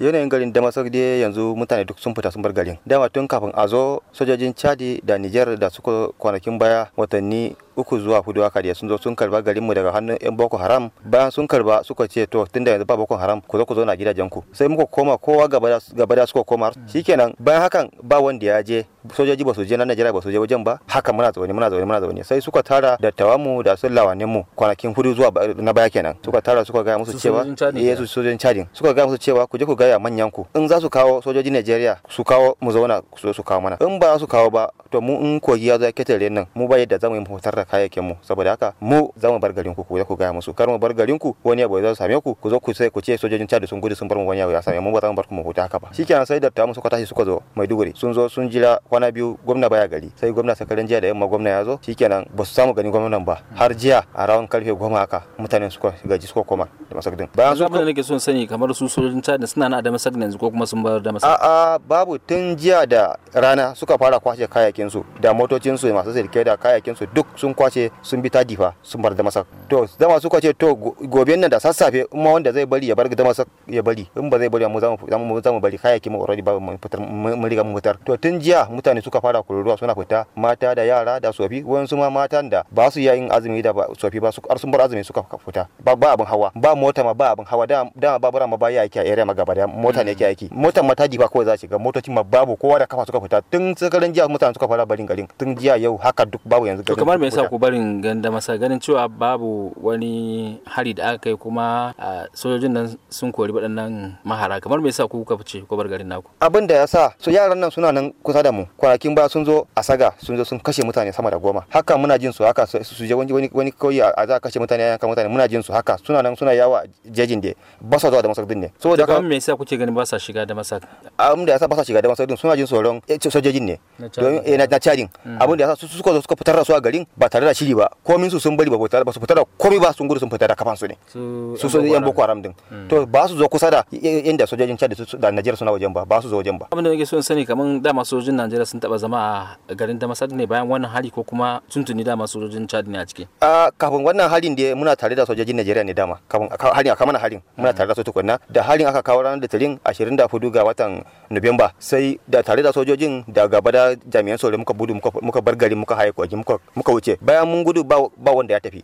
yanayin garin damasar da yanzu mutane duk sun fita sun bar garin dama tun kafin a zo sojojin chadi da niger da suka kwanakin baya watanni uku zuwa hudu haka da sun zo sun karba garinmu daga hannun yan boko haram bayan sun karba suka ce to tunda yanzu ba boko haram ku zo ku zauna gidajen ku sai muka koma kowa gaba da suka koma mm. shikenan bayan hakan ba wanda ya je sojoji ba su je na Najeriya ba su je wajen ba haka muna zaune muna zaune muna zaune sai suka tara dattawan mu da su lawanin mu kwanakin hudu zuwa na baya kenan suka tara suka ga musu cewa eh su sojojin Chadin suka ga musu cewa ku je ku gaya manyan ku in za su kawo sojoji Najeriya su kawo mu zauna su kawo mana in ba su kawo ba to mu in kogi ya zo ya ketare nan mu ba yadda zamu yi mu fitar kayayyakin mu saboda haka mu za mu bar garin ku ku ya ku gaya musu kar mu bar garin ku wani abu su same ku ku zo ku sai ku ce sojojin Chad sun gudu sun bar mu wani abu ya same mu ba za mu bar ku mu huta haka ba shikenan sai dattawa mu suka tashi suka zo Maiduguri sun zo sun jira kwana biyu gwamna baya gari sai gwamna sakarin jiya da yamma gwamna ya zo shikenan ba su samu gani gwamnan ba har jiya a rawan karfe goma haka mutanen suka gaji suka koma da masakdin bayan su ne nake son sani kamar su sojojin Chad suna na da masakdin yanzu ko kuma sun bar da masakdin a babu tun jiya da rana suka fara kwashe kayayyakin su da motocin su masu sirke da kayayyakin su duk sun kwace sun bi ta difa sun bar damasak to zama su kwace to gobe nan da sassafe in ma wanda zai bari ya bar damasak ya bari in ba zai bari mu za mu mu bari kayaki mu already ba mu fitar mun riga mu fitar to tun jiya mutane suka fara kururuwa suna fita mata da yara da sofi su ma matan da ba su yayin azumi da sofi ba su sun bar azumi suka fita ba ba abin hawa ba mota ma ba abin hawa da da babura ma ba ya yake a area ma gaba da mota ne yake aiki mota ma ta difa kawai za shiga motocin ma babu kowa da kafa suka fita tun sakaran jiya mutane suka fara barin garin tun jiya yau haka duk babu yanzu to kamar me yasa sa ku barin ganda masa ganin cewa babu wani hari da aka yi kuma sojojin nan sun kori waɗannan mahara kamar me yasa ku kuka fice ku bar garin naku abin da yasa so yaran nan suna nan kusa da mu kwanakin ba sun zo a saga sun zo sun kashe mutane sama da goma haka muna jin su haka su je wani wani kauye a za kashe mutane yanka mutane muna jin su haka suna nan suna yawa jejin da ba sa zuwa da masak din ne saboda haka me yasa kuke ganin ba sa shiga da masak abin da yasa ba sa shiga da masak suna jin tsoron eh, sojojin ne na eh, cajin mm. abin da yasa su suka zo suka fitar da su a garin ba tare da shiri ba komin su sun bari ba ba su fita da komai ba sun gudu sun fita da kafan su ne su sun yan boko haram din hmm. to ba su zo kusa da inda sojojin Chad da Najeriya suna wajen ba ba su zo wajen ba abin da nake so in sani kaman dama sojojin Najeriya sun taba zama a garin Damascus ne bayan wannan hari ko kuma tuntuni dama sojojin Chad ne a ciki a kafin wannan harin da muna tare da sojojin Najeriya ne dama kafin harin aka mana harin muna tare da su tukunna da harin aka kawo ranar da tirin 24 ga watan Nuwamba sai da tare da sojojin da gaba da jami'an tsaro muka budu muka bar gari muka haye kwaji muka wuce bayan mun gudu ba wanda ya tafi